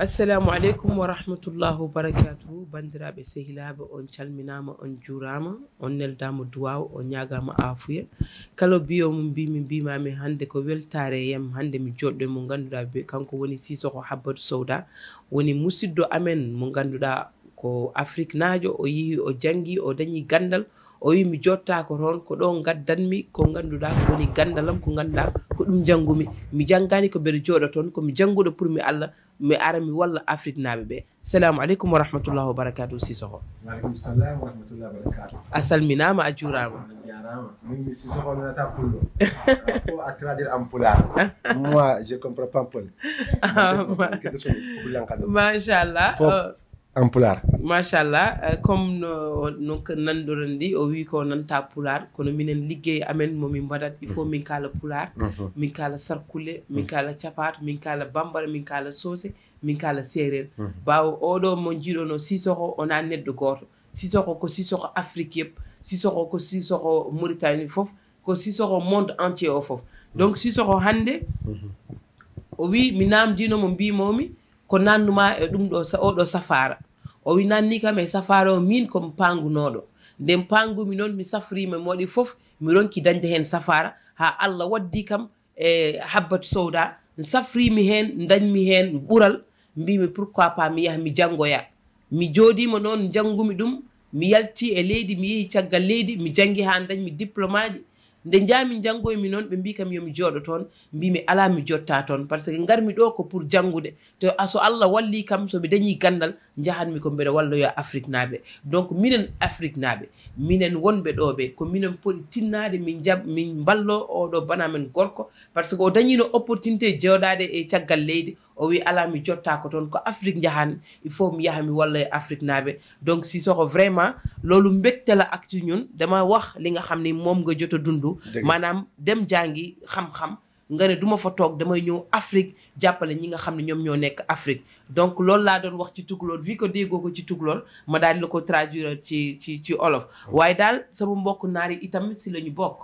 assalamu aleykum wa rahmatullahu wabarakatuhu bandiraɓe sehilaɓe on calminama on jurama on neldama duwaw on ñagama afuya kala biyo mum mbimi mbimami hande ko weltare yam hande mi joɗɗo mo ganduɗa kanko woni sisoko habbatu sowda woni musidɗo amen mo ganduɗa ko afrique najo o yeehi o janggi o dañi gandal o wi mi jottako toon ko ɗo gaddanmi ko ganduɗa ko woni gandalam ko ganduɗa ko ɗum janggumi mi janggani ko mbeɗa joɗo toon komi janguɗo pour mi allah mi arami walla afrique naaɓe ɓe salamu aleykum wa rahmatullah wa barakatu sisoko waleykum salam wa rahmatullah wa barakatu a salminama a juurama mimi sisoko nonata pullo fo a traduire en pular moi je comprends pas pol machallah en pular machallah euh, comme no no dit, o wi ko nanta pular kono minen liggey amen momi mbaɗat il faut min kala pular min kala sarkule min kala min kala bambara min min mo sisoko sisoko ko sisoko afrique yeb sisoko ko sisoko mauritanie ko monde entier oh, mhm. donc sisoko hande mhm. o wi mo bi momi, ko nannuma e eh, sa o safara o wi nanni kam e safare o min komi pangunoɗo nden pangumi noon mi safrima e mi waɗi foof mi ronki dañde hen safara ha allah waddi kam e habbatu sowda mi safrimi hen dañmi hen ɓuural mbimi pourquoi pas mi yaaha mi janggoya mi joodima noon janggumi ɗum mi yalti e leydi mi yeehi caggal leydi mi janggui ha dañmi diplôme aji nde jaami janggoymi noon ɓe mbi kam yomi jooɗo toon mbimi ala mi jotta toon par ce que garmi ɗo ko pour janggude to aso allah walli kam somi dañi gandal jahanmi ko mbeɗa walloyo afrique naaɓe donc minen afrique naaɓe minen wonɓe ɗo ɓe ko minen poɗi tinnade min jab min mballo oɗo bana men gorko par ce que o dañino opportunité jewɗade e caggal leydi o wi jot taako toon ko afrique jahani il faut mi yaha mi walla e afrique naaɓe donc sisoko vraiment loolu mbégte la ak ci ñun dama wax li nga xam ni moom nga jot a dund maanaam dem jàngi xam-xam nga ne duma fa toog damay ñëw Afrique jàppale ñi nga xam ne ñoom ñoo nekk Afrique donc loolu laa doon wax ci tukulóor vi ko déggoo ko ci tukulóor ma daal di la ko traduire ci ci ci olof. waaye daal sama mbokk naari itam si la ñu bokk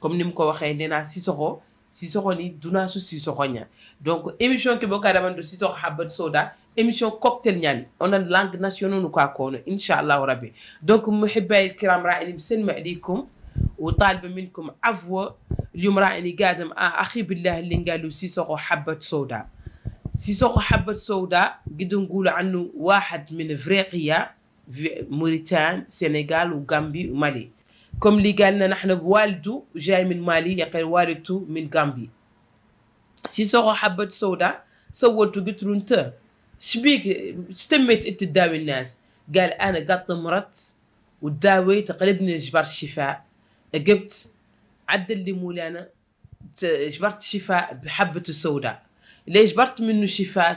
comme ni mu ko waxee nee naa Sissoko sisɔgɔ ni dunasu sisɔgɔ ɲa donc émission ke bɔ ka dama do sisɔgɔ habat soda émission cocktail ɲani on a langue nationale nu ka kɔnɔ inchallah rabbi donc muhibai kiram ra'alim senma alaikum وطالبة منكم عفو اليوم راني قادم أخي بالله اللي قالوا سيسوق حبة سوداء سيسوق حبة سوداء قد نقول عنه واحد من إفريقيا موريتان سنغال وغامبي ومالي كم اللي قالنا نحن والده جاي من مالي يقل والدته من غامبي سي سوغو حبة سودا سوتو قلت له انت شبيك استميت انت تداوي الناس قال انا قط مرت وداوي تقلبني جبر الشفاء جبت عدل لي مولانا جبرت الشفاء بحبة السوداء اللي جبرت منه شفاء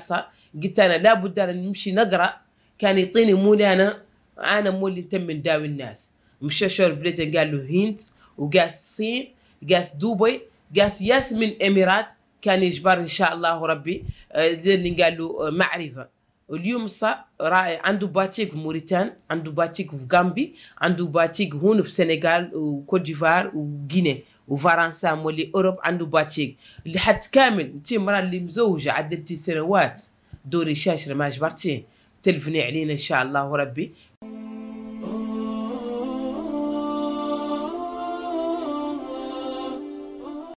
قلت انا لابد ان نمشي نقرا كان يعطيني مولانا انا مولي تم نداوي الناس مشاشر بلاد قال له هند وقاس الصين قاس دبي قاس ياس من الامارات كان يجبر ان شاء الله ربي اللي قال له معرفه واليوم راي عنده باتيك في موريتان عنده باتيك في غامبي عنده باتيك هون في السنغال وكوت ديفوار وغيني وفرنسا مولي اوروب عنده باتيك لحد كامل انت مرا اللي مزوجه عدلتي سنوات دوري شاشره ما جبرتيه تلفني علينا ان شاء الله ربي